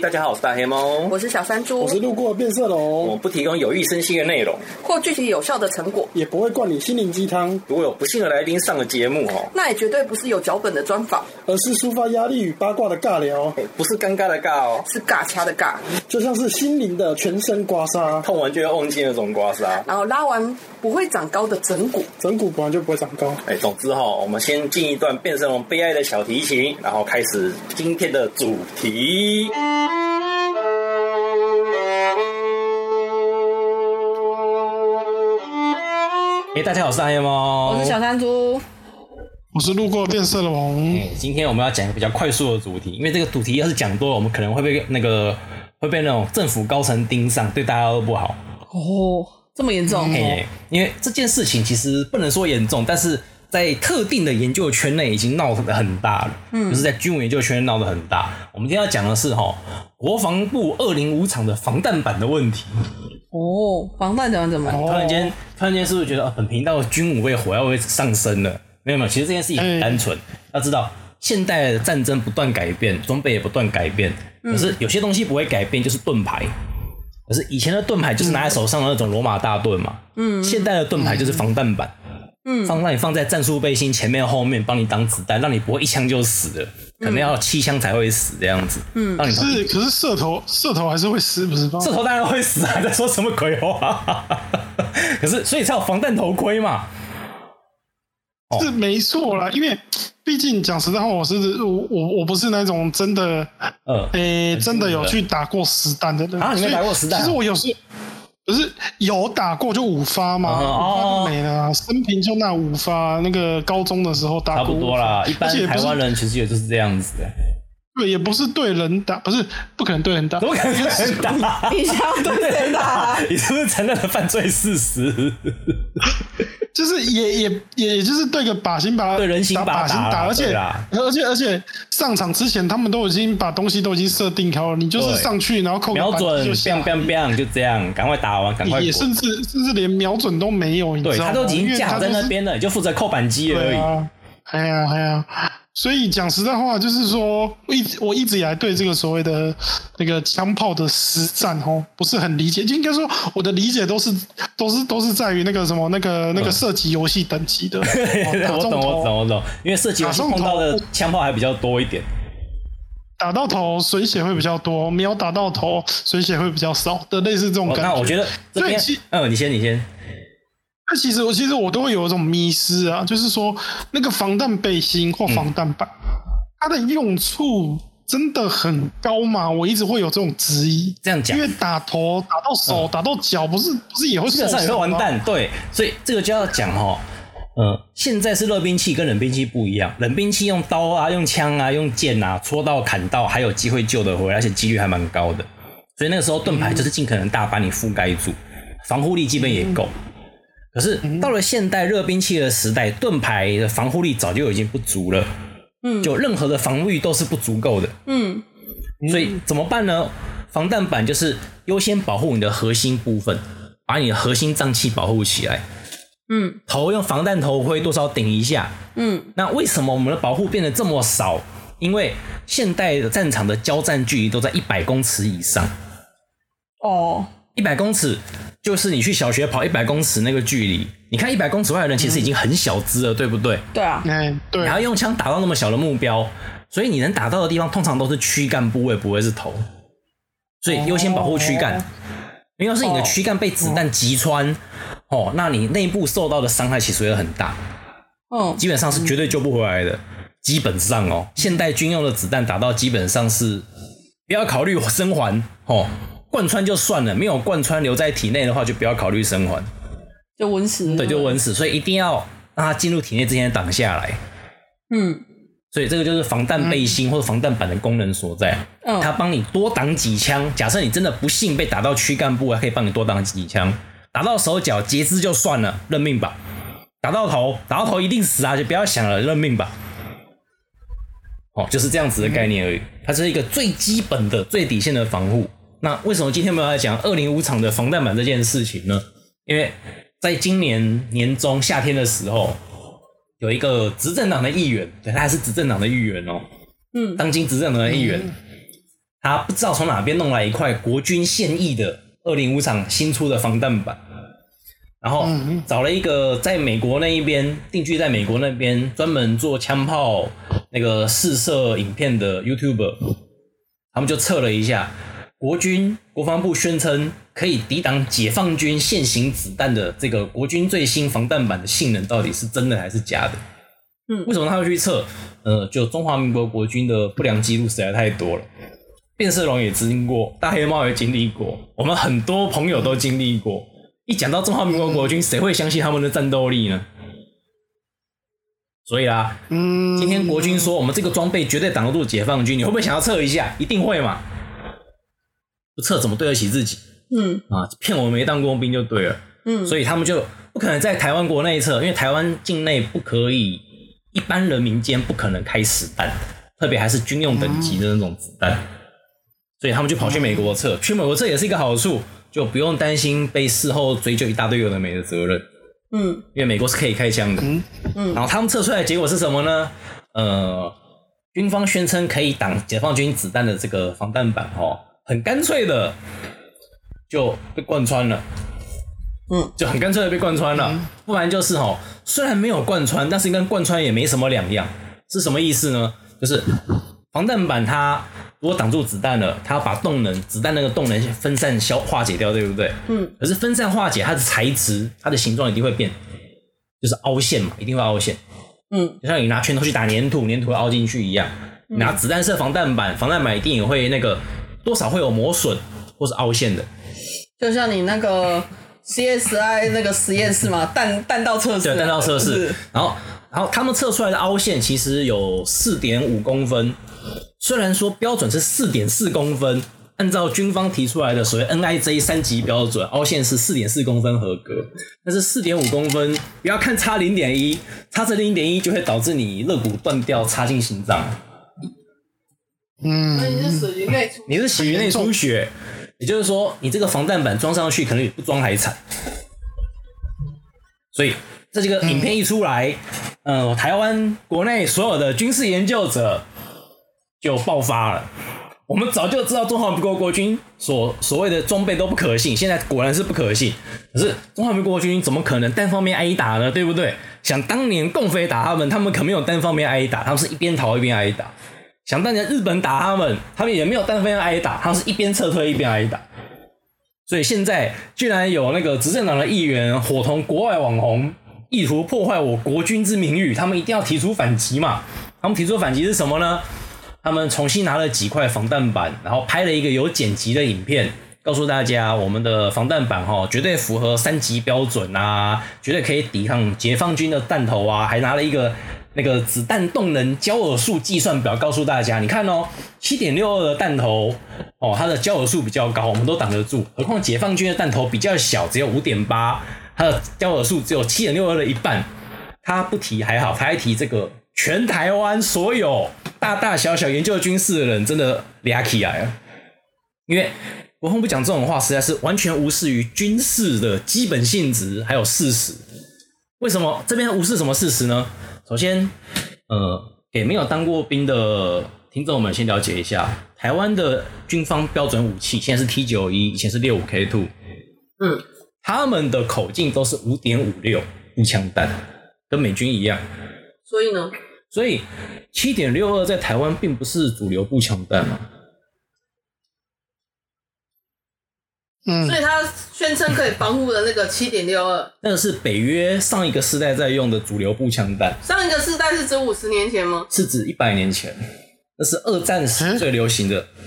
大家好，我是大黑貓，我是小山豬，我是路過的變色龍。我們不提供有益身心的內容，或具體有效的成果，也不會灌你心靈雞湯。如果有不幸的來賓上了節目，那也絕對不是有腳本的專訪，而是抒發壓力與八卦的尬聊、欸，不是尷尬的尬、喔，是尬掐的尬。就像是心靈的全身刮痧，痛完就要忘記那種刮痧。然後拉完不會長高的整骨，整骨本來就不會長高。哎、欸，總之哈、喔，我們先進一段變色龍悲哀的小提琴，然後開始今天的主題。哎，hey, 大家好，我是大黑貓，我是小山豬，我是路過的變色龍。Hey, 今天我們要講一個比較快速的主題，因為這個主題要是講多了，我們可能會被那個會被那種政府高層盯上，對大家都不好。哦，這麼嚴重嘿、哦。Hey, 因為這件事情其實不能說嚴重，但是。在特定的研究圈內已經鬧得很大了，嗯，就是在軍武研究圈鬧得很大。我們今天要講的是哈、喔，國防部二零五廠的防彈板的問題。哦，防彈怎麼怎麼？突然間，突然間是不是覺得很本頻道的軍武被火藥味上升了？沒有沒有，其實這件事情很單純。嘿要知道，現代的戰爭不斷改變，裝備也不斷改變，可是有些東西不會改變，就是盾牌。可是以前的盾牌就是拿在手上的那種羅馬大盾嘛，嗯，現代的盾牌就是防彈板。嗯嗯，放讓你放在戰術背心前面後面，幫你擋子彈，讓你不會一槍就死的，可能要七槍才會死這樣子。嗯，讓你，你。可是可是射頭射頭還是會死不是嗎？射頭當然會死啊，還在說什麼鬼話？ 可是所以才有防彈頭盔嘛。是沒錯啦，嗯、因為畢竟講實在話，我是，不是我我不是那種真的呃，誒真的有去打過實彈的人啊？你沒打過實彈？以其實我有時。嗯不是有打過就五發嘛？哦、五發都沒了啦，哦、生平就那五發。那個高中的時候打過，差不多啦。一般台灣人其實也就是這樣子的、欸。對，也不是對人打，不是不可能對人打，怎麼可能對人打？你想要對人打？你是不是承認了犯罪事實？就是也也也就是對個靶心打，對人形靶心打，而且而且而且上場之前他們都已經把東西都已經設定好了，你就是上去然後扣瞄準，不要不就這樣趕快打完，趕快。甚至甚至連瞄準都沒有，對他都已經架在那邊了，你就負責扣扳機而已。還有還有。所以講實在話，就是說我一直，一我一直以來對這個所謂的那個槍炮的實戰哦，不是很理解。就應該說，我的理解都是都是都是在於那個什麼那個那個射擊遊戲等級的。嗯、 我懂我懂我懂，因為射擊遊戲碰到的槍炮還比較多一點打，打到頭水血會比較多，沒有打到頭水血會比較少的類似這種感覺。哦、那我覺得射擊，所以嗯，你先你先。那其實我其實我都會有一種迷思啊，就是說那個防彈背心或防彈板，嗯、它的用處真的很高嘛？我一直會有這種質疑。這樣講，因為打頭打到手、嗯、打到腳，不是不是以後基本上也會、嗯啊、完蛋。對，所以這個就要講哈、喔，呃現在是熱兵器跟冷兵器不一樣，冷兵器用刀啊、用槍啊、用劍啊、戳到、砍到，還有機會救得回，而且幾率還蠻高的。所以那個時候盾牌就是盡可能大，把你覆蓋住，嗯、防護力基本也夠。嗯可是到了現代熱兵器的時代，嗯，盾牌的防護力早就已經不足了。嗯，就任何的防禦都是不足夠的。嗯，所以怎麼辦呢？防彈板就是優先保護你的核心部分，把你的核心臟器保護起來。嗯，頭用防彈頭盔多少頂一下。嗯，那為什麼我們的保護變得這麼少？因為現代的戰場的交戰距離都在一百公尺以上。哦，一百公尺。就是你去小學跑一百公尺那個距離，你看一百公尺外的人其實已經很小只了，嗯、對不對？對啊，嗯、對。然後用槍打到那麼小的目標，所以你能打到的地方通常都是軀幹部位，不會是頭。所以優先保護軀幹，哦、因為要是你的軀幹被子彈擊穿，哦，哦，那你內部受到的傷害其實也很大，哦，基本上是絕對救不回來的。基本上哦，現代軍用的子彈打到基本上是不要考慮生還，哦。貫穿就算了，沒有貫穿留在體內的話，就不要考慮生還，就穩死。對，就穩死，所以一定要讓它進入體內之前擋下來。嗯，所以這個就是防彈背心或者防彈板的功能所在，它、嗯、幫你多擋幾槍。假設你真的不幸被打到軀幹部，可以幫你多擋幾槍；打到手腳截肢就算了，認命吧；打到頭，打到頭一定死啊，就不要想了，認命吧。哦，就是這樣子的概念而已，嗯、它是一個最基本的、最底線的防護。那為什麼今天我們要講二零五廠的防彈板這件事情呢？因為在今年年中夏天的時候，有一個執政黨的議員，對，他還是執政黨的議員哦，嗯，當今執政黨的議員，他不知道從哪邊弄來一塊國軍現役的二零五廠新出的防彈板，然後找了一個在美國那一邊定居，在美國那邊專門做槍炮那個試射影片的 YouTuber，他們就測了一下。國軍國防部宣稱可以抵擋解放軍現行子彈的這個國軍最新防彈板的性能到底是真的還是假的？嗯，為什麼他會去測？呃，就中華民國國軍的不良記錄實在太多了。變色龍也經歷過，大黑貓也經歷過，我們很多朋友都經歷過。一講到中華民國國軍，誰會相信他們的戰鬥力呢？所以啊，嗯，今天國軍說我們這個裝備絕對擋得住解放軍，你會不會想要測一下？一定會嘛。不測怎麼對得起自己？嗯啊，騙我們沒當過兵就對了。嗯，所以他們就不可能在台灣國內測，因為台灣境內不可以，一般人民間不可能開實彈，特別還是軍用等級的那種子彈。嗯、所以他們就跑去美國測，嗯、去美國測也是一個好處，就不用擔心被事後追究一大堆有的沒的責任。嗯，因為美國是可以開槍的嗯。嗯，然後他們測出來的結果是什麼呢？呃，軍方宣稱可以擋解放軍子彈的這個防彈板，哦。很乾脆的就被貫穿了，嗯，就很乾脆的被貫穿了。不然就是吼、喔，雖然沒有貫穿，但是跟貫穿也沒什麼兩樣。是什麼意思呢？就是防彈板它如果擋住子彈了，它要把動能、子彈那個動能分散消化解掉，對不對？嗯。可是分散化解，它的材質、它的形狀一定會變，就是凹陷嘛，一定會凹陷。嗯，就像你拿拳頭去打粘土，粘土會凹進去一樣，拿子彈射防彈板，防彈板一定也會那個。多少會有磨損或是凹陷的。就像你那個 CSI 那個實驗室嘛，彈彈道測試，彈道測試，是然後然後他們測出來的凹陷其實有四點五公分，雖然說標準是四點四公分，按照軍方提出來的所謂 N I J 三級標準，凹陷是四點四公分合格，但是四點五公分，不要看差零點一，差這零點一就會導致你肋骨斷掉，插進心臟。嗯，嗯，你是死於內出血，你是死於內出血，也就是說，你這個防彈板裝上去可能比不裝還慘。所以這幾個影片一出來，呃，台灣國內所有的軍事研究者就爆發了。我們早就知道中華民國國軍所所謂的裝備都不可信，現在果然是不可信。可是中華民國國軍怎麼可能單方面挨打呢？對不對？想當年共匪打他們，他們可沒有單方面挨打，他們是一邊逃一邊挨打。想當年日本打他們，他們也沒有單方面挨打，他們是一邊撤退一邊挨打。所以現在居然有那個執政黨的議員夥同國外網紅，意圖破壞我國軍之名譽，他們一定要提出反擊嘛？他們提出反擊是什麼呢？他們重新拿了幾塊防彈板，然後拍了一個有剪輯的影片，告訴大家我們的防彈板哈、哦，絕對符合三級標準啊，絕對可以抵抗解放軍的彈頭啊，還拿了一個。那個子彈動能焦耳數計算表告訴大家，你看哦，七點六二的彈頭哦，它的焦耳數比較高，我們都擋得住。何況解放軍的彈頭比較小，只有五點八，它的焦耳數只有七點六二的一半。他不提還好，他還提這個，全台灣所有大大小小研究軍事的人真的涼起來了。因為國防部不，不講這種話，實在是完全無視於軍事的基本性質還有事實。為什麼這邊無視什麼事實呢？首先，呃，給沒有當過兵的聽眾們先了解一下，台灣的軍方標準武器現在是 T 九一，以前是六五 K two，嗯，他們的口徑都是五點五六步槍彈，跟美軍一樣，所以呢，所以七點六二在台灣並不是主流步槍彈嘛、啊。所以，他宣稱可以防護的那個七點六二，那個是北約上一個世代在用的主流步槍彈。上一個世代是指五十年前嗎？是指一百年前，嗯、那是二戰時最流行的，嗯、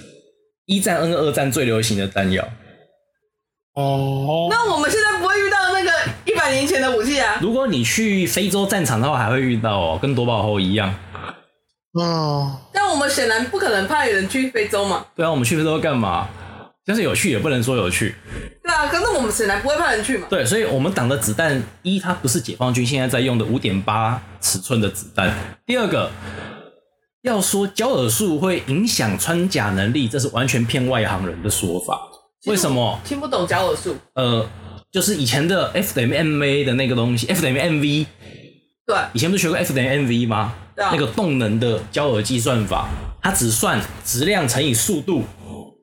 一戰跟二戰最流行的彈藥。哦，那我們現在不會遇到那個一百年前的武器啊？如果你去非洲戰場的話，還會遇到哦、喔，跟奪寶猴一樣。哦，那我們顯然不可能派人去非洲嘛？對啊，我們去非洲幹嘛？但是有趣也不能說有趣，對啊，可是我們誰來不會派人去嘛？對，所以我們擋的子彈一，它不是解放軍現在在用的五點八尺寸的子彈。第二個，要說焦耳數會影響穿甲能力，這是完全騙外行人的說法。實為什麼？聽不懂焦耳數？呃，就是以前的 F 等於 M A 的那個東西，F 等於 M V。對，以前不是學過 F 等於 M V 嗎？對啊，那個動能的焦耳計算法，它只算質量乘以速度。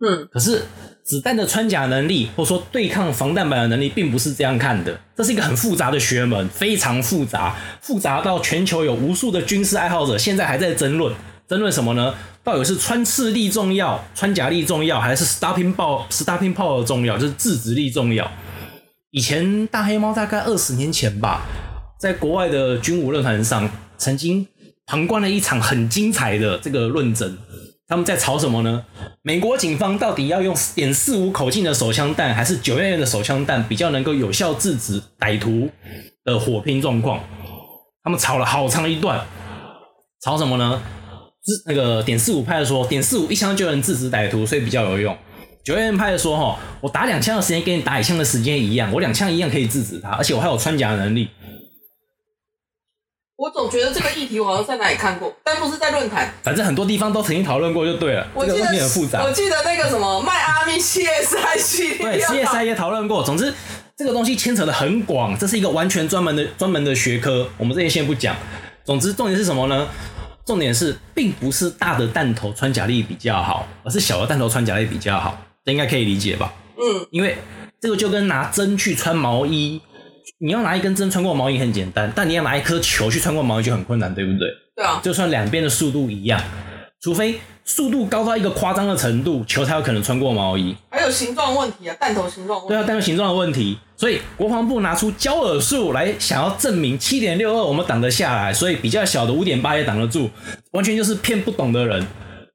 嗯。可是。子彈的穿甲能力，或者說對抗防彈板的能力，並不是這樣看的。這是一個很複雜的學問，非常複雜，複雜到全球有無數的軍事愛好者現在還在爭論。爭論什麼呢？到底是穿刺力重要，穿甲力重要，還是 stopping power, stopping power 的重要？就是制止力重要。以前大黑貓大概二十年前吧，在國外的軍武論壇上，曾經旁觀了一場很精彩的這個論爭。他們在吵什麼呢？美國警方到底要用點四五口徑的手槍彈，還是九幺幺的手槍彈，比較能夠有效制止歹徒的火拼狀況？他們吵了好長一段，吵什麼呢？是那個點四五派的說，點四五一槍就能制止歹徒，所以比較有用。九幺幺派的說，哈，我打兩槍的時間跟你打一槍的時間一樣，我兩槍一樣可以制止他，而且我還有穿甲能力。我總覺得這個議題我好像在哪裡看過，但不是在論壇。反正很多地方都曾經討論過，就對了。這個問題很複雜。我記得那個什麼邁阿密 CSI 系列對。對，CSI 也討論過。 總之，這個東西牽扯得很廣，這是一個完全專門的、專門的學科。我們這裡先不講。總之，重點是什麼呢？重點是，並不是大的彈頭穿甲力比較好，而是小的彈頭穿甲力比較好。這應該可以理解吧？嗯，因為這個就跟拿針去穿毛衣。你要拿一根針穿過毛衣很簡單，但你要拿一顆球去穿過毛衣就很困難，對不對？對啊。就算兩邊的速度一樣，除非速度高到一個誇張的程度，球才有可能穿過毛衣。還有形狀問題啊，彈頭形狀。對啊，彈頭形狀的問題。所以國防部拿出焦耳數來，想要證明七點六二我們擋得下來，所以比較小的五點八也擋得住，完全就是騙不懂的人。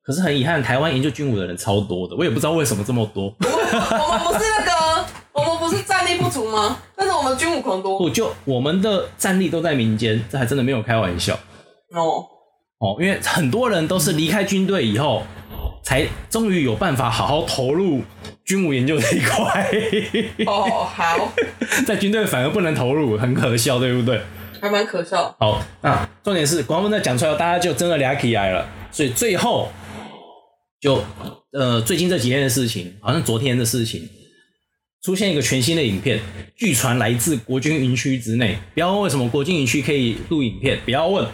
可是很遺憾，台灣研究軍武的人超多的，我也不知道為什麼這麼多。我，我們不是那個。 不是戰力不足嗎？ 但是我們的軍武狂多，不就我們的戰力都在民間，這還真的沒有開玩笑。哦哦，因為很多人都是離開軍隊以後，才終於有辦法好好投入軍武研究這一塊。 哦好，在軍隊反而不能投入，很可笑，對不對？還蠻可笑。好，那、啊、重點是國防部在講出來，大家就真的聊起來了。所以最後，就呃最近這幾天的事情，好像昨天的事情。出現一個全新的影片，據傳來自國軍營區之內。不要問為什麼國軍營區可以錄影片，不要問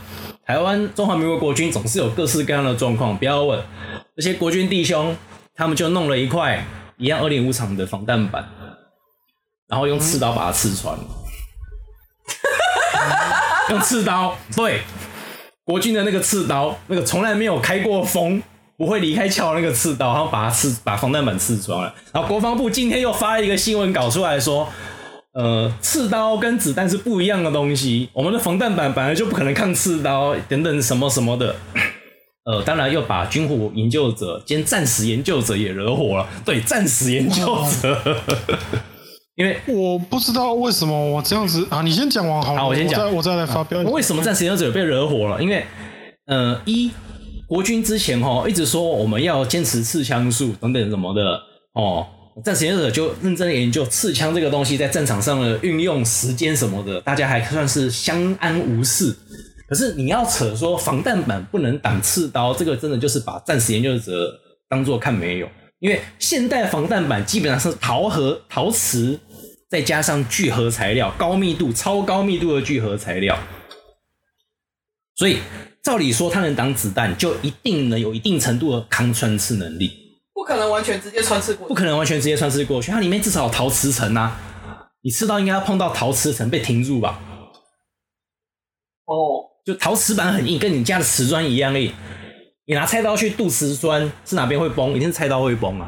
台灣中華民國國軍總是有各式各樣的狀況，不要問這些國軍弟兄，他們就弄了一塊一樣205廠的防彈板，然後用刺刀把它刺穿、 嗯。用刺刀，對，國軍的那個刺刀，那個從來沒有開過鋒。不會離開撬那個刺刀，然後把它刺，把防彈板刺出來。然後國防部今天又發了一個新聞稿出來說，呃，刺刀跟子彈是不一樣的東西，我們的防彈板本來就不可能抗刺刀等等什麼什麼的。呃，當然又把軍火研究者兼戰史研究者也惹火了。對，戰史研究者，Wow. 因為我不知道為什麼我這樣子啊，你先講完好，好我先講我，我再來發表。啊，為什麼戰史研究者被惹火了？因為，呃，一。國軍之前哈一直說我們要堅持刺槍術等等什麼的哦，戰時研究者就認真研究刺槍這個東西在戰場上的運用時間什麼的，大家還算是相安無事。可是你要扯說防彈板不能擋刺刀，這個真的就是把戰時研究者當做看沒有，因為現代防彈板基本上是陶核、陶瓷，再加上聚合材料，高密度、超高密度的聚合材料，所以。照理說，它能擋子彈，就一定能有一定程度的抗穿刺能力。不可能完全直接穿刺過去。不可能完全直接穿刺過去，它裡面至少有陶瓷層啊。你刺到應該要碰到陶瓷層，被停住吧？哦，就陶瓷板很硬，跟你家的瓷磚一樣硬。你拿菜刀去剁瓷磚，是哪邊會崩？一定是菜刀會崩啊。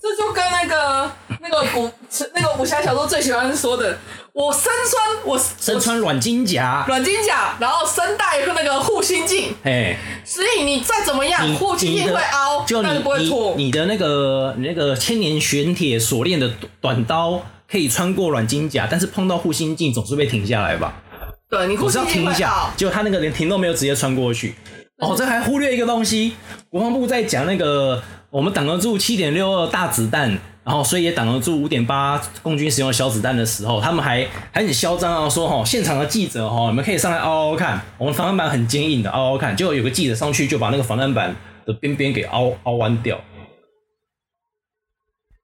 這就跟那個、那個、那個武那個武俠小說最喜歡說的，我身穿我身穿軟金甲，軟金甲，然後身帶一個那個護心鏡，哎嘿，所以你再怎麼樣，護心鏡會凹，就你但不會破。你的那個你那個千年玄鐵鎖，鎖鏈的短刀可以穿過軟金甲，但是碰到護心鏡總是被停下來吧？對你護心鏡會好，凹結果他那個連停都沒有，直接穿過去。對哦，這還忽略一個東西，國防部在講那個。我們擋得住七點六二大子彈，然後所以也擋得住五點八共軍使用的小子彈的時候，他們還還很囂張啊，說哈、哦、現場的記者哈、哦，你們可以上來嗷嗷看，我們防彈板很堅硬的嗷嗷看，結果有個記者上去就把那個防彈板的邊邊給嗷凹彎掉，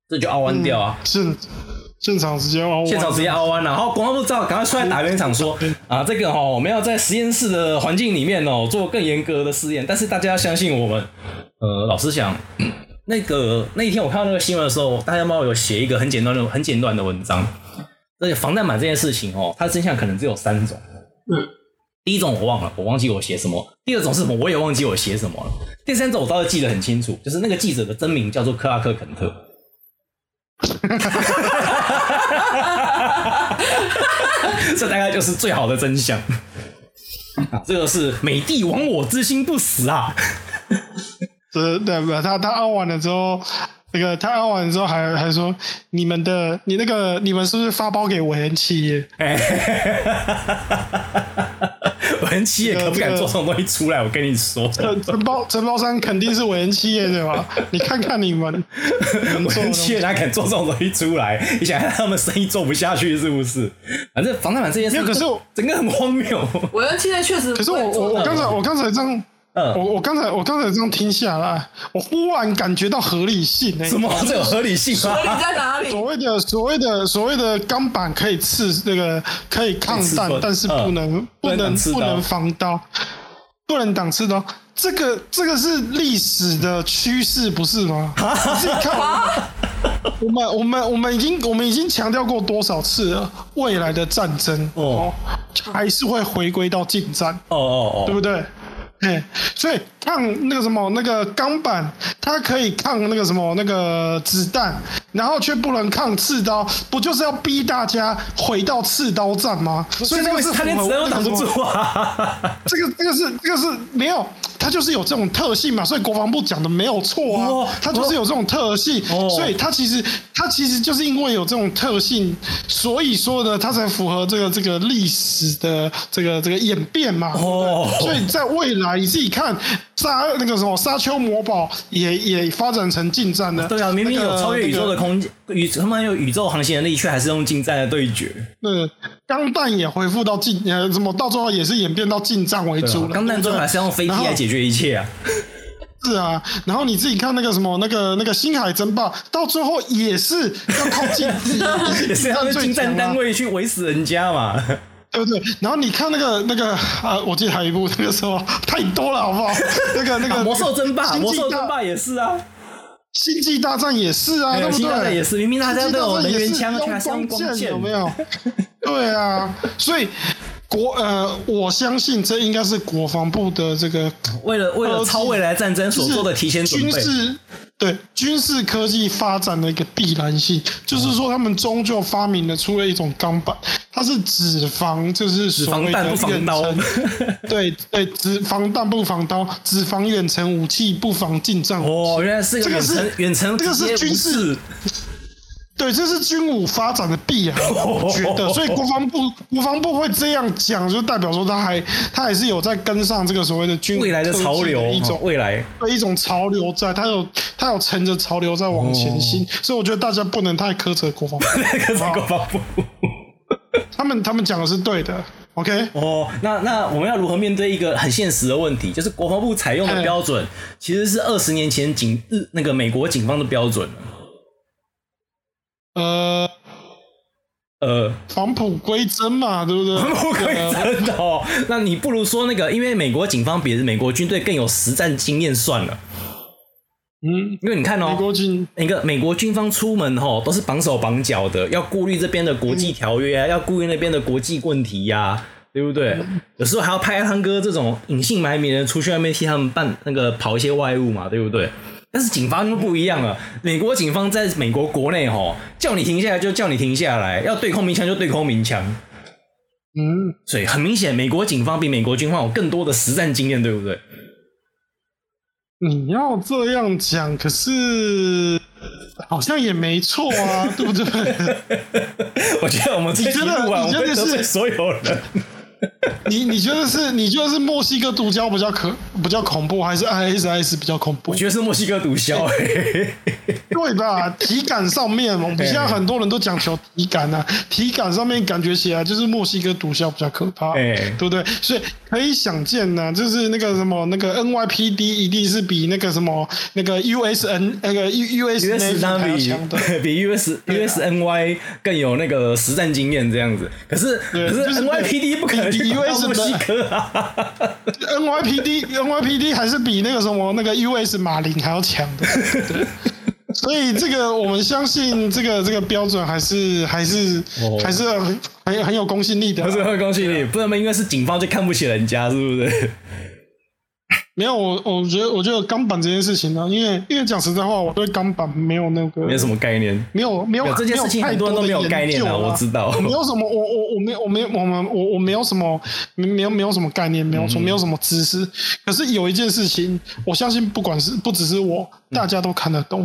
這就凹彎掉啊，是、嗯、現場直接凹彎，現場直接凹彎，然後國防部知道趕快出來打圓場說啊這個、哦、我們要在實驗室的環境裡面哦做更嚴格的試驗，但是大家相信我們。呃，老實講那個那一天我看到那個新聞的時候，大家幫我有寫一個很簡單的、很簡短的文章。那防彈板這件事情哦，它的真相可能只有三種。嗯、第一種我忘了，我忘記我寫什麼；第二種是什麼，我也忘記我寫什麼了。第三種我倒是記得很清楚，就是那個記者的真名叫做克拉克·肯特。哈哈哈哈哈哈哈哈哈哈哈哈！這大概就是最好的真相。好啊，這個是美帝亡我之心不死啊！是對，他他按完了之後，那、這個他按完了之後還還說，你們的你那個你們是不是發包給偉人企業？偉人、欸、 企業可不敢做這種東西出來，我跟你說、這個。承、這個、包承包商肯定是偉人企業對吧？ 你看看你們，偉人企， 企業哪敢做這種東西出來？你想看他們生意做不下去是不是？反正房地產這件事沒，沒可是我整個很荒謬。偉人企業確實，可是我我、哦哦哦、我剛才我剛才這樣。嗯、我我剛才我剛才這樣聽下來，我忽然感覺到合理性、欸。什麼？這有合理性？合理在哪裡？所謂的所謂的所謂的鋼板可以刺那、這個可以抗彈，但是不能、嗯、不能不能防刀，不能擋刺刀。這個這個是歷史的趨勢，不是嗎？你自己蛤看蛤我，我們我們我們已經我們已經強調過多少次了？未來的戰爭哦，還是會回歸到近戰哦哦哦，哦哦對不對？哎，所以抗那個什麼那個鋼板，它可以抗那個什麼那個子彈，然後卻不能抗刺刀，不就是要逼大家回到刺刀戰嗎？以啊、所以那個是，是他連子彈都擋不住啊！這個這個是這個是沒有。它就是有這種特性嘛，所以國防部講的沒有錯啊，oh、它就是有這種特性，oh、所以它其實它其實就是因為有這種特性，所以說呢，它才符合這個這個歷史的這個這個演變嘛。哦，所以在未來你自己看沙那個什麼沙丘魔堡也也發展成近戰的，oh、對啊，明明有超越宇宙的空間，宇他們有宇宙航行能力，卻還是用近戰的對決，那。鋼彈也恢復到近，呃，什麼到最後也是演變到近戰為主。鋼彈、啊、最後還是用飛機來解決一切啊後。 是啊，然後你自己看那個什麼那個那個星海爭霸，到最後也是要靠近， 也是那近戰、啊、單位去圍死人家嘛， 對不對？然後你看那個那個啊，我記得還有一部那個什麼太多了好不好？那個那個魔獸爭霸，魔獸爭霸也是啊，星際大戰也是啊，星際大戰也是，明明他大戰都有能源槍，還有光光劍，有沒有？ 對啊，所以國呃，我相信這應該是國防部的這個為了為了超未來戰爭所做的提前準備，軍事對軍事科技發展的一個必然性，就是說他們終究發明了出了一種鋼板，它是只防就是防彈不防刀，對對，只防彈不防刀，只防遠程武器不防近戰。哦，原來是個這個是遠程，這個是軍事。對，這是軍武發展的必然，我覺得，所以國防部國防部會這樣講，就代表說他還他還是有在跟上這個所謂的軍的未來的潮流一種、哦、未來對一種潮流在，在他有他有乘着潮流在往前進。哦、所以我覺得大家不能太苛責國防部苛責國防部，哦、 呵呵呵他們他們講的是對的。OK，哦，那那我們要如何面對一個很現實的問題，就是國防部採用的標準唉其實是二十年前警日那個美國警方的標準呃呃，返璞歸真嘛，對不對？返璞歸真哦， 那你不如說那個，因為美國警方比美國軍隊更有實戰經驗算了。嗯，因為你看哦，美國軍那個美國軍方出門哦，都是綁手綁腳的，要顧慮這邊的國際條約啊，嗯、要顧慮那邊的國際問題呀、啊，對不對？嗯、有時候還要派湯哥這種隱姓埋名的人出去外面替他們辦那個跑一些外務嘛，對不對？但是警方就不一樣了，美國警方在美國國內吼，叫你停下來就叫你停下來，要對空鳴槍就對空鳴槍，嗯，所以很明顯，美國警方比美國軍方有更多的實戰經驗，對不對？你要這樣講，可是好像也沒錯啊， 對不對？ 我覺得我們最近不管，真的，真的是我所有人。 你你覺得是你覺得是墨西哥毒梟比較可比較恐怖，還是 I S I S 比較恐怖？我覺得是墨西哥毒梟，欸， 對吧？體感上面，我們現在很多人都講求體感啊，體感上面感覺起來就是墨西哥毒梟比較可怕，哎，欸、對不對？所以可以想見呢、啊，就是那個什麼那個 N Y P D 一定是比那個什麼那個 U S N 那個 U U S US N avi, 比比 U S U S N Y 更有那個實戰經驗這樣子。啊、可是可是 N Y P D 不可以。 U.S. 的 N.Y.P.D. N.Y.P.D. 還是比那個什麼那個 U.S. 馬林還要強的，對，所以這個我們相信這個這個標準還是還是還是很很有公信力的，還、哦、是很有公信力。對啊、不然嘛，因為是警方就看不起人家，是不是？沒有，我我覺得，我覺得鋼板這件事情呢、啊，因為因為講實在話，我對鋼板沒有那個。沒有什麼概念。沒有，沒有。有這件事情。太多人都沒有概念了，我知道。沒有什麼，我我我沒我沒我們我我沒有什麼沒有沒有什麼概念，沒有沒有什麼知識。嗯嗯，可是有一件事情，我相信不管是不只是我，大家都看得懂。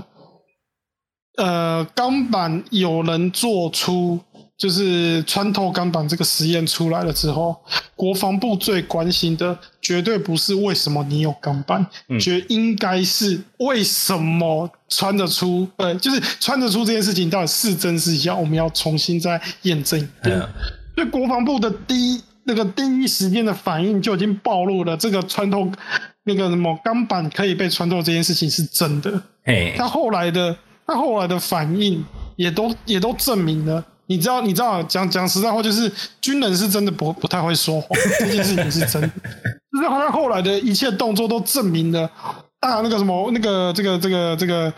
嗯、呃，鋼板有人做出。就是穿透鋼板這個實驗出來了之後，國防部最關心的絕對不是為什麼你有鋼板，絕、嗯、應該是為什麼穿得出？對，就是穿得出這件事情到底是真是假？我們要重新再驗證一遍。所以國防部的第一那個第一時間的反應就已經暴露了這個穿透那個什麼鋼板可以被穿透這件事情是真的。哎，嘿 他後來的他後來的反應也都也都證明了。你知道？你知道？講講實在話，就是軍人是真的不不太會說謊，這件事情是真的。就 是好像後來的一切動作都證明了，大、啊、那個什麼那個這個這個這個，呃、這個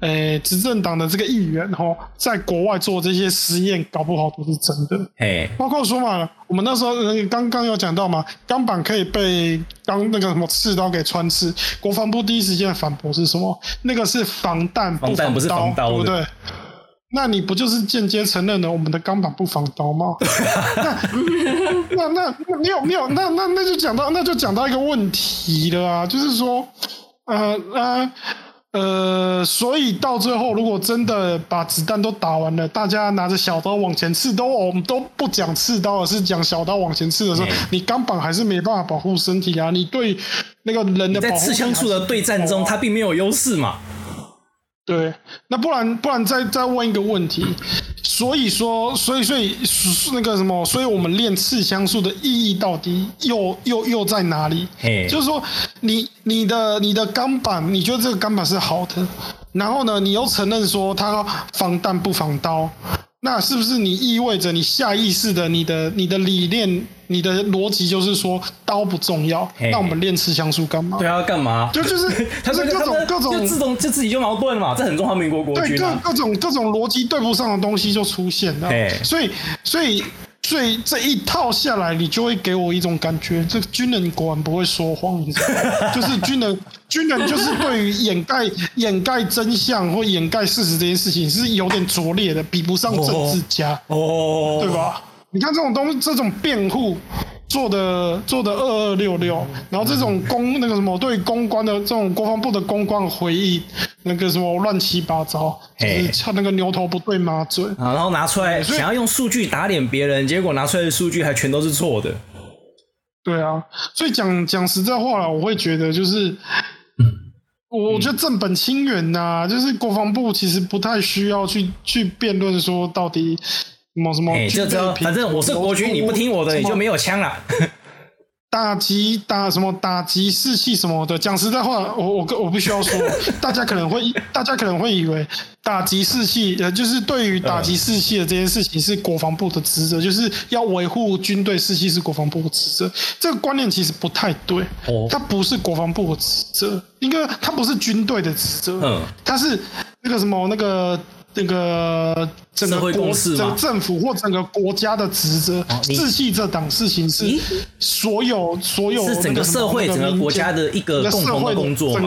這個，執政黨的這個議員、哦，然後在國外做這些實驗，搞不好都是真的。嘿包括說嘛，我們那時候剛剛有講到嘛，鋼板可以被鋼那個什麼刺刀給穿刺，國防部第一時間反駁是什麼？那個是防彈，防、防彈不是防刀，對不對？那你不就是間接承認了我們的鋼板不防刀嗎？ 那那那，那沒有沒有，那那那就講到那就講到一個問題了啊，就是說，呃呃呃，所以到最後，如果真的把子彈都打完了，大家拿着小刀往前刺，都我們都不講刺刀，而是講小刀往前刺的時候，欸、你鋼板還是沒辦法保護身體啊。你對那個人的保護、啊、在刺槍處的對戰中，它並沒有優勢嘛。對，那不然不然再再問一個問題，所以說所以所以那個什麼，所以我們練刺槍術的意義到底又又又在哪裡？Hey. 就是說你你的你的鋼板，你覺得這個鋼板是好的，然後呢，你又承認說它防彈不防刀。那是不是你意味着你下意識的你的你的理念你的邏輯就是說刀不重要？那 Hey. 我們練刺槍術幹嘛？對啊，幹嘛？就就是， 他、就是、是各種各種就自動就自己就矛盾了嘛。這很中華民國國軍、啊、對各各種各種邏輯對不上的東西就出現了。所以 Hey. 所以。所以所以這一套下來，你就會給我一種感覺，這個軍人果然不會說謊，你知道嗎？ 就是軍人，軍人就是對於掩蓋掩蓋真相或掩蓋事實這件事情是有點拙劣的，比不上政治家，哦，oh. oh. oh. 對吧？你看這種東西，這種辯護。做的做的二二六六，然後這種公那個什麼對公關的這種國防部的公關回應那個什麼亂七八糟，差嘿那個牛頭不對馬嘴然後拿出來想要用數據打臉別人，以結果拿出來的數據還全都是錯的。對啊，所以講講實在話，我會覺得就是，我我覺得正本清源吶、啊，嗯、就是國防部其實不太需要去去辯論說到底。什麼什麼？哎，這這，反正我是國軍，你不聽我的，你就沒有槍了。打擊打什麼？打擊士氣什麼的？講實在話，我我我必須要說，大家可能會，大家可能會以為打擊士氣，呃，就是對於打擊士氣的這件事情是國防部的職責，就是要維護軍隊士氣是國防部的職責。這個觀念其實不太對，它不是國防部的職責，應該它不是軍隊的職責，它是那個什麼那個。這個整個國、整個政府或整個國家的職責，執行、啊、這檔事情是所有所有個，是整個社會、個整個國家的一個共同的工作，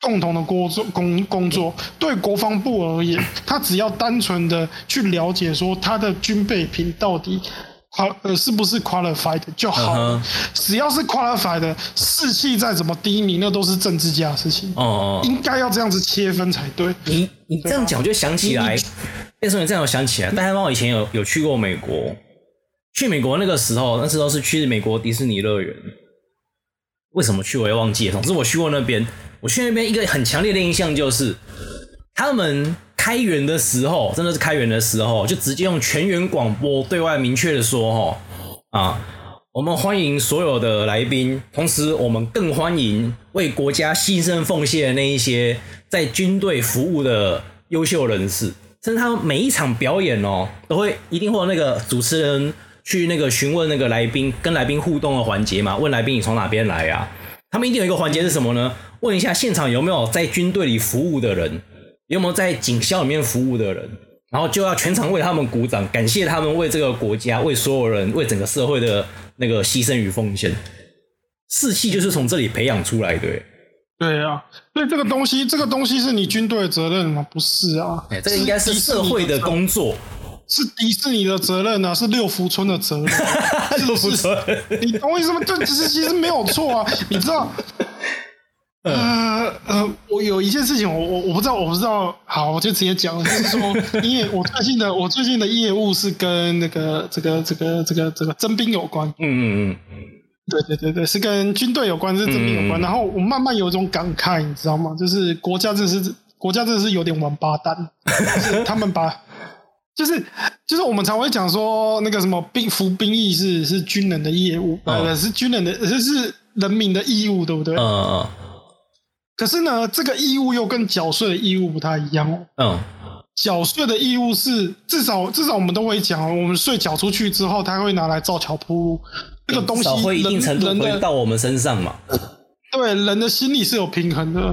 共同的工作、工工作，對國防部而言，他只要單純的去了解說他的軍備品到底。好，呃，是不是 qualified 就好？Uh huh. 只要是 qualified，的士氣再怎麼低迷，那都是政治家的事情。哦哦，應該要這樣子切分才對。你你這樣講，我就想起來，為什麼你這樣想起來，大黑貓以前有有去過美國，去美國那個時候，那時候是去美國迪士尼樂園，為什麼去，我也忘記了。總之我去過那邊，我去那邊一個很強烈的印象就是，他們。開園的時候，真的是開園的時候，就直接用全員廣播對外明確的說：“哦，啊，我們歡迎所有的來賓，同時我們更歡迎為國家犧牲奉獻的那一些在軍隊服務的優秀人士。甚至他們每一場表演哦，都會一定會有那個主持人去那個詢問那個來賓，跟來賓互動的環節嘛，問來賓你從哪邊來呀、啊？他們一定有一個環節是什麼呢？問一下現場有沒有在軍隊裡服務的人。”有沒有在警校裡面服務的人，然後就要全場為他們鼓掌，感謝他們為這個國家、為所有人、為整個社會的那個犧牲與奉獻，士氣就是從這裡培養出來的、欸。對啊，所以這個東西，這個東西是你軍隊的責任嗎？不是啊，這個應該是社會的工作，是迪士尼的責任啊，是六福村的責任。 六福村是是，你懂我意思嗎？這其實其實沒有錯啊，你知道。 呃呃，我有一件事情我，我我我不知道，我不知道，好，我就直接講，就是說，因為我最近的 我最近的業務是跟那個這個這個這個這個徵兵有關，嗯嗯嗯對對對對，是跟軍隊有關，是徵兵有關，嗯嗯然後我慢慢有一種感慨，你知道嗎？就是國家真的是國家真的是有點王八蛋， 是他們把就是就是我們常會講說那個什麼兵服兵役是是軍人的義務，哦、呃，是軍人的，這、就是人民的義務，對不對？哦可是呢，這個義務又跟繳稅的義務不太一樣哦、喔。嗯，繳稅的義務是至少至少我們都會講、喔，我們稅繳出去之後，他會拿來造橋鋪路，對這個東西一定程度會到我們身上嘛。對，人的心理是有平衡的，對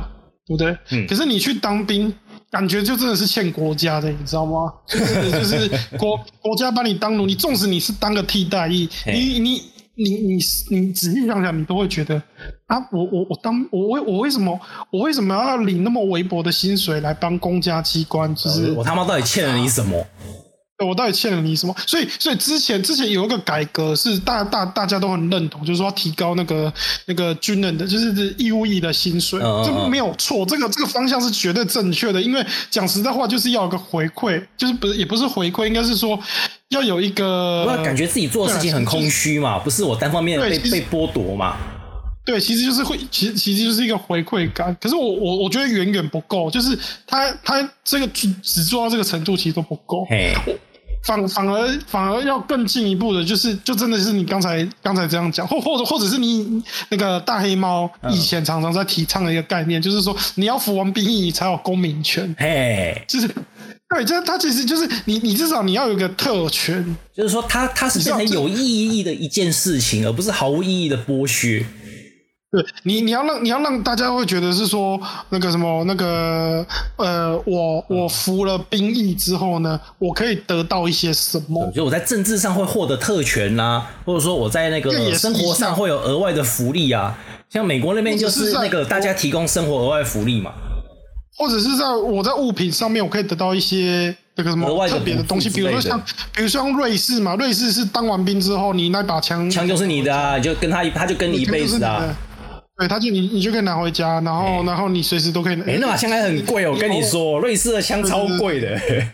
不對？嗯。可是你去當兵，感覺就真的是欠國家的，你知道嗎？ 就是國，國家把你當奴隸，縱使你是當個替代役，你嘿你。你你你你，仔細想想，你都會覺得啊，我我我，我當我為我為什麼我為什麼要領那麼微薄的薪水來幫公家機關？就是我他媽到底欠了你什麼、啊？我到底欠了你什麼？所以所以之前之前有一個改革是大大大家都很認同，就是說提高那個那個軍人的，就是義務役的薪水。嗯嗯嗯這沒有錯，這個這個方向是絕對正確的。因為講實在話，就是要有個回饋，就是不是也不是回饋，應該是說。要有一個，嗯、感覺自己做的事情很空虛嘛，啊、不是我單方面被對被剝奪嘛？對，其實就是會，其實其實就是一個回饋感。可是我我我覺得遠遠不夠，就是他他這個只做到這個程度其實都不夠。嘿反反而反而要更進一步的，就是就真的是你剛才剛才這樣講，或或者或者是你那個大黑貓以前常常在提倡的一個概念，嗯、就是說你要服完兵役，你才有公民權。嘿，就是。對，這他其實就是你，你至少你要有一個特權，就是說它，他他是變成有意義的一件事情，而不是毫無意義的剝削。對你，你要讓你要讓大家會覺得是說，那個什麼，那個呃，我我服了兵役之後呢，嗯、我可以得到一些什麼？我覺得我在政治上會獲得特權吶、啊，或者說我在那個生活上會有額外的福利啊。像美國那邊就是那個大家提供生活額外福利嘛。或者是在我在物品上面，我可以得到一些那個什麼額外的特別的東西，比如說像，比如說像瑞士嘛，瑞士是當完兵之後，你那把槍槍就是你的、啊，就跟他他就跟你一輩子啊的，對，他就你你就可以拿回家，然後、欸、然後你隨時都可以。欸欸、那把槍還很貴哦、喔，我有跟你說，瑞士的槍超貴的。是是是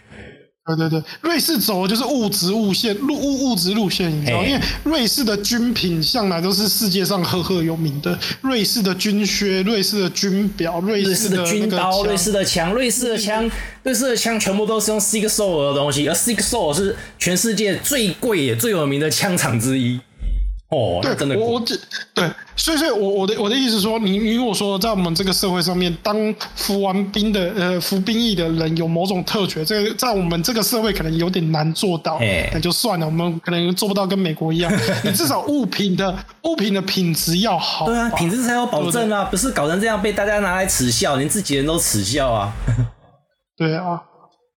對對對，瑞士走的就是物質路線，路物物質路線，你知道，因為瑞士的軍品向來都是世界上赫赫有名的，瑞士的軍靴、瑞士的軍錶、瑞士的軍刀、瑞士的槍、瑞士的槍、瑞士的槍，全部都是用 SIG Sauer 的東西，而 SIG Sauer 是全世界最貴也最有名的槍廠之一。Oh, 對，真的，我我這，對，所以所以我我的我的意思說，你如果說在我們這個社會上面，當服完兵的，呃，服兵役的人有某種特權，這個在我們這個社會可能有點難做到，那 Hey. 就算了，我們可能做不到跟美國一樣， 你至少物品的物品的品質要好，對啊，品質才有保證啊，就是、不是搞成這樣被大家拿來恥笑，連自己人都恥笑啊， 對啊。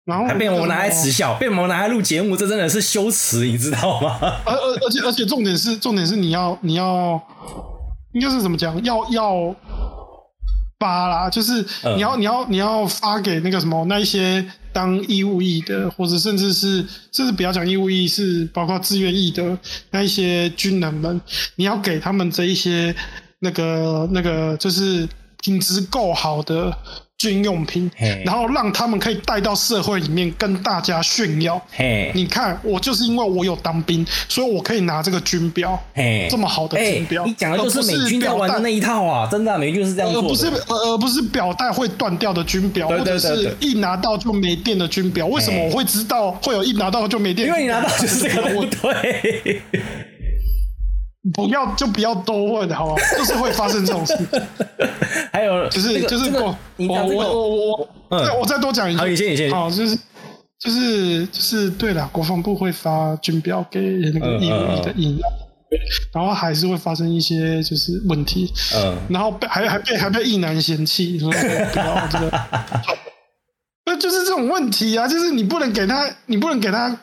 然後我被我們拿來恥笑，被我們拿來錄節目，這真的是羞恥，你知道嗎？而而而且而且重點是，重點是你要你要，應該是怎麼講？要要發啦，就是你要、呃、你要你要，你要發給那個什麼那一些當義務役的，或者甚至是甚至不要講義務役，是包括志願役的那一些軍人們，你要給他們這一些那個那個就是。品質夠好的軍用品，Hey. 然後讓他們可以帶到社會裡面跟大家炫耀。Hey. 你看，我就是因為我有當兵，所以我可以拿這個軍錶，Hey. 這麼好的軍錶。Hey, 你講的就是美軍在玩的那一套啊！真的，美軍是這樣做的。呃、不是，呃、不是錶帶會斷掉的軍錶，對對對對或者是一拿到就沒電的軍錶。Hey. 為什麼我會知道會有一拿到就沒電？因為你拿到就是部隊。對不要就不要多問，好吧？就是會發生這種事情。還有，就是就是我我我我我，我再多講一句。好，謝謝謝謝。就是就是就是、就是、對了，國防部會發軍標給那個義務役的役男、嗯嗯嗯、然後還是會發生一些就是問題，然後被還還，還被還被役男嫌棄是不是，不要這個，那就是這種問題啊，就是你不能給他，你不能給他。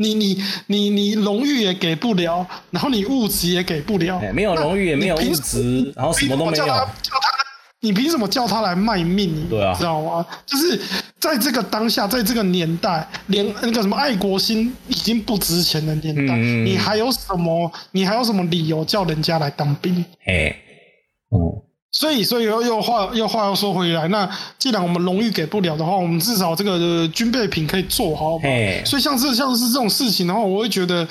你你你你榮譽也給不了，然後你物質也給不了，欸、沒有榮譽也沒有物質，你然後什麼都沒有。叫他，叫他，你憑什麼叫他來賣命你？對啊，你知道嗎？就是在這個當下，在這個年代，連那個什麼愛國心已經不值錢的年代，嗯嗯你還有什麼？你還有什麼理由叫人家來當兵？哎，嗯。所以，所以又又話，又話又話又說回來，那既然我們榮譽給不了的話，我們至少這個軍備品可以做好，好。Hey. 所以，像是像是這種事情的話，我會覺得，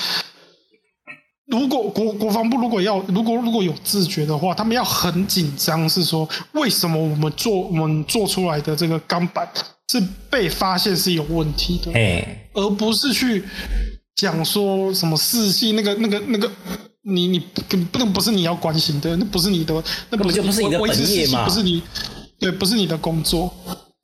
如果國國防部如果要如果如果有自覺的話，他們要很緊張，是說為什麼我們做我們做出來的這個鋼板是被發現是有問題的，Hey. 而不是去。講說什麼四系那個那個那個，你你不能不是你要關心的，那不是你的，那不是你，不就不是你的本意嗎？不是你，對，不是你的工作，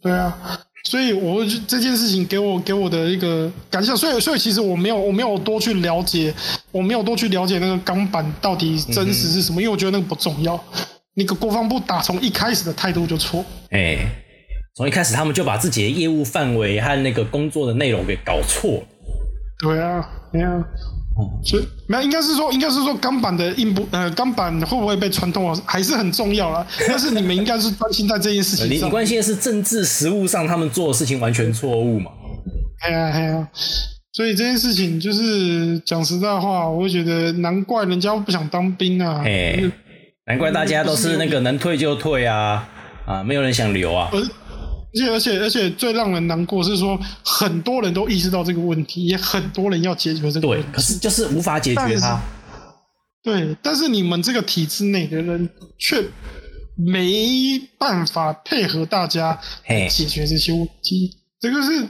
對啊。所以，我這件事情給我給我的一個感想，所以所以其實我沒有我沒有多去了解，我沒有多去了解那個鋼板到底真實是什麼，嗯、哼因為我覺得那個不重要。那個國防部打從一開始的態度就錯，哎、欸，從一開始他們就把自己的業務範圍和那個工作的內容給搞錯了。對啊，對啊，所以沒有，應該是說，應該是說鋼板的硬部，呃，鋼板會不會被穿透啊，還是很重要啦 但是你們應該是關心在這件事情上，你關心的是政治實務上他們做的事情完全錯誤嘛？對啊，對啊，所以這件事情就是講實在話，我覺得難怪人家不想當兵啊嘿，難怪大家都是那個能退就退啊，啊，沒有人想留啊。呃而且而且而且，而且最讓人難過是說，很多人都意識到這個問題，也很多人要解決這個問題。對，可是就是無法解決它。對，但是你們這個體制內的人卻沒辦法配合大家解決這些問題。Hey, 這個是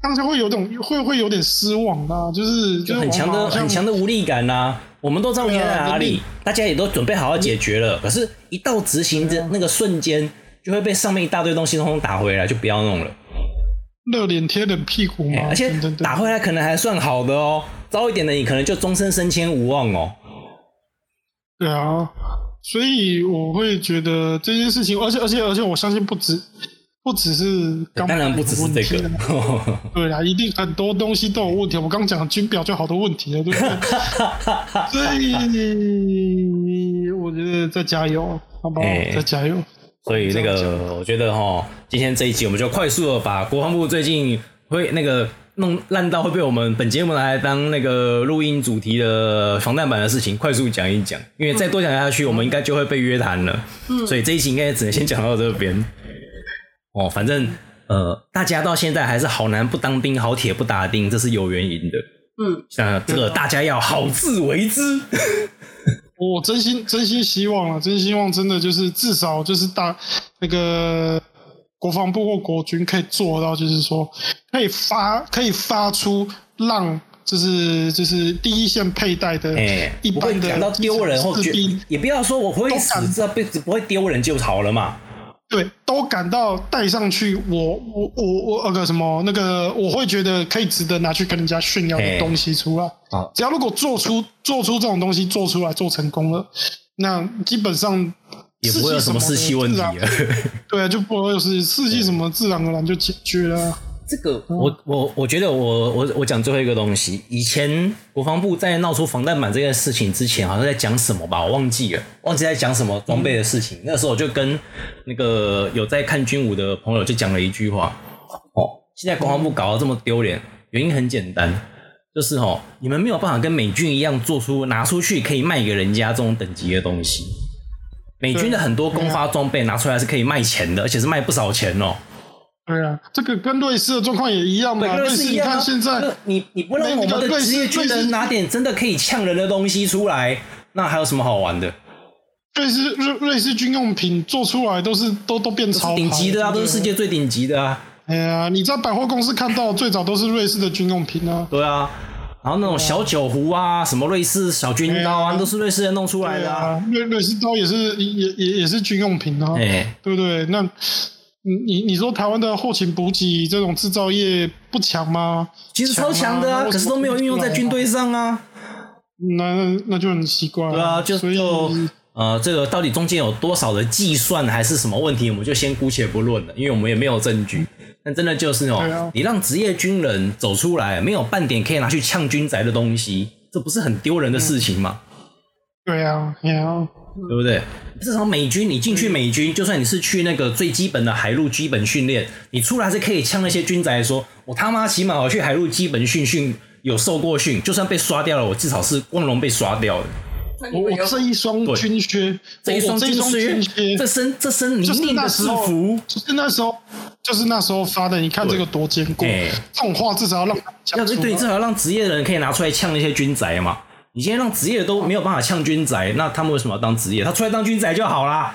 當時會有種會會有點失望啊，就是就很強的很強的無力感啊。我們都知道問題在哪、啊啊、裡，你大家也都準備好要解決了，你可是一到執行的那個瞬間。就會被上面一大堆東西通通打回來，就不要弄了。熱臉貼冷屁股嘛、欸，而且打回來可能還算好的哦，糟一點的你可能就終身升遷無望哦。對啊，所以我會覺得這件事情，而且而且而且，而且我相信不止不只是，當然不止這個， 對啊，一定很多東西都有問題。我剛剛講軍錶就好多問題了，對不對？ 所以你，我覺得再加油，好不好？欸、再加油。嗯、所以那個，我覺得哈，今天這一集我們就快速的把國防部最近會那個弄爛到會被我們本節目來當那個錄音主題的防彈板的事情快速講一講，因為再多講下去，我們應該就會被約談了。嗯，所以這一集應該也只能先講到這邊。哦，反正呃，大家到現在還是好男不當兵，好鐵不打釘，這是有原因的。嗯，那這個大家要好自為之。嗯 我、哦、真心真心希望啊，真心希望真的就是至少就是大那個國防部或國軍可以做到，就是說可以發可以發出讓就是就是第一線佩戴的，一般的，不、欸、會講到丟人或者是，也不要說我會死這輩子不會丟人就好了嘛。對，都感到帶上去我，我我我我那個什麼那個，我會覺得可以值得拿去跟人家炫耀的東西出來。啊，只要如果做出做出這種東西做出來做成功了，那基本上也不會有什麼士氣問題。 對啊，就不會有士士氣什麼，自然而然就解決了。這個我我我覺得我我我講最後一個東西，以前國防部在鬧出防彈板這件事情之前，好像在講什麼吧，我忘記了，忘記在講什麼裝備的事情。那時候我就跟那個有在看軍武的朋友就講了一句話，哦，現在國防部搞到這麼丟臉，原因很簡單，就是哦，你們沒有辦法跟美軍一樣做出拿出去可以賣給人家這種等級的東西。美軍的很多公发裝備拿出來是可以賣錢的，而且是賣不少錢哦、喔。對啊，這個跟瑞士的狀況也一樣嘛。對瑞士瑞士你看現在，你你不讓我們的職業軍人拿點真的可以嗆人的東西出來，那還有什麼好玩的？瑞士瑞瑞士軍用品做出來都是都都變超頂級的啊，對，都是世界最頂級的啊。哎呀、啊，你在百貨公司看到最早都是瑞士的軍用品啊。對啊，然後那種小酒壺啊，哇，什麼瑞士小軍刀啊，啊都是瑞士人弄出來的啊。啊瑞瑞士刀也是也也也是軍用品啊。哎，對不對,對,對？那。你你你說台灣的後勤補給這種製造業不強嗎？其實超強的啊，啊可是都沒有運用在軍隊上啊。那那就很奇怪了。對啊，就所以呃，這個到底中間有多少的計算還是什麼問題，我們就先姑且不論了，因為我們也沒有證據。嗯、但真的就是哦，啊、你讓職業軍人走出來，沒有半點可以拿去嗆軍宅的東西，這不是很丟人的事情嗎？對啊，對啊。對不對？至少美軍，你進去美軍，嗯、就算你是去那個最基本的海陸基本訓練，你出來還是可以嗆那些軍宅說：“我他媽起碼我去海陸基本訓訓有受過訓，就算被刷掉了，我至少是光榮被刷掉的。哦”我這一雙軍靴，對哦、這一雙軍靴，哦，這身這身你的制服，就是，那就是那時候，就是那時候發的。你看這個多堅固！哎、這種話至少要讓要對，對，至少要讓職業的人可以拿出來嗆那些軍宅嘛。你現在讓職業都沒有辦法嗆軍宅，那他們為什麼要當職業？他出來當軍宅就好啦。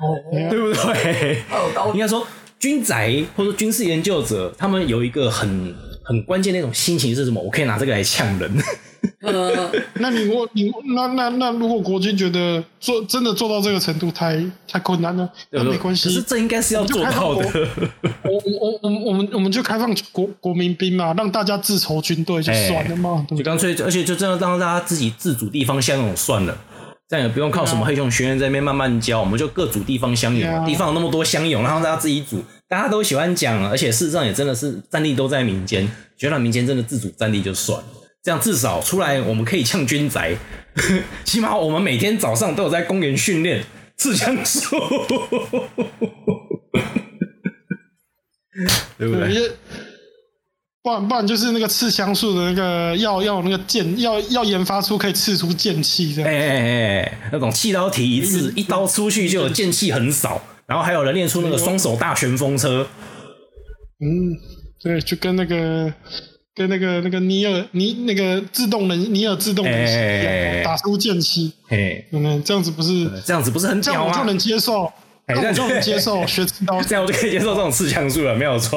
Okay. 對不對？Oh, 應該說，軍宅或者說軍事研究者，他們有一個很很關鍵那種心情是什麼？我可以拿這個來嗆人。呃，那你我你那那那如果國軍覺得做真的做到這個程度太太困難了，那沒關係，可是這應該是要做到的。我我我我我們我們就開放國 開放國，國民兵嘛，讓大家自籌軍隊就算了嘛。你乾嘿脆而且就真的讓大家自己自主地方鄉勇算了，這樣也不用靠什麼黑熊學院在那邊慢慢教，我們就各組地方鄉勇，嘿嘿地方有那麼多鄉勇，然後大家自己組，大家都喜歡講，而且事實上也真的是戰力都在民間，覺得民間真的自主戰力就算了。這樣至少出來，我們可以嗆軍宅。 起碼我們每天早上都有在公園訓練刺槍術，對不對？不然不然就是那個刺槍術的那個要要那個劍要要研發出可以刺出劍氣的。哎哎哎，那種氣刀提一次，對一刀出去就有劍氣很少，然後還有人練出那個雙手大旋風車。嗯，對，就跟那個。跟那個那個尼爾尼那個自動人尼爾自動人形、欸欸欸欸、打出劍氣，能不、欸欸、這樣子不是這樣子不是很屌啊？這樣我就能接受，欸、這樣這樣我就能接受學劍刀，這樣我就可以接受這種刺槍術了，沒有錯。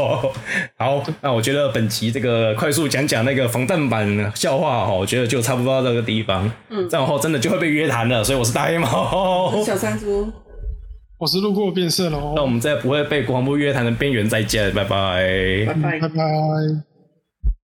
好，那我覺得本期這個快速講講那個防彈版笑話哈，我覺得就差不多到這個地方。嗯，再往後真的就會被約談了，所以我是大黑貓，小山豬，我是路過變色龍。那我們在不會被國防部約談的邊緣再見，拜拜，拜拜。嗯，拜拜。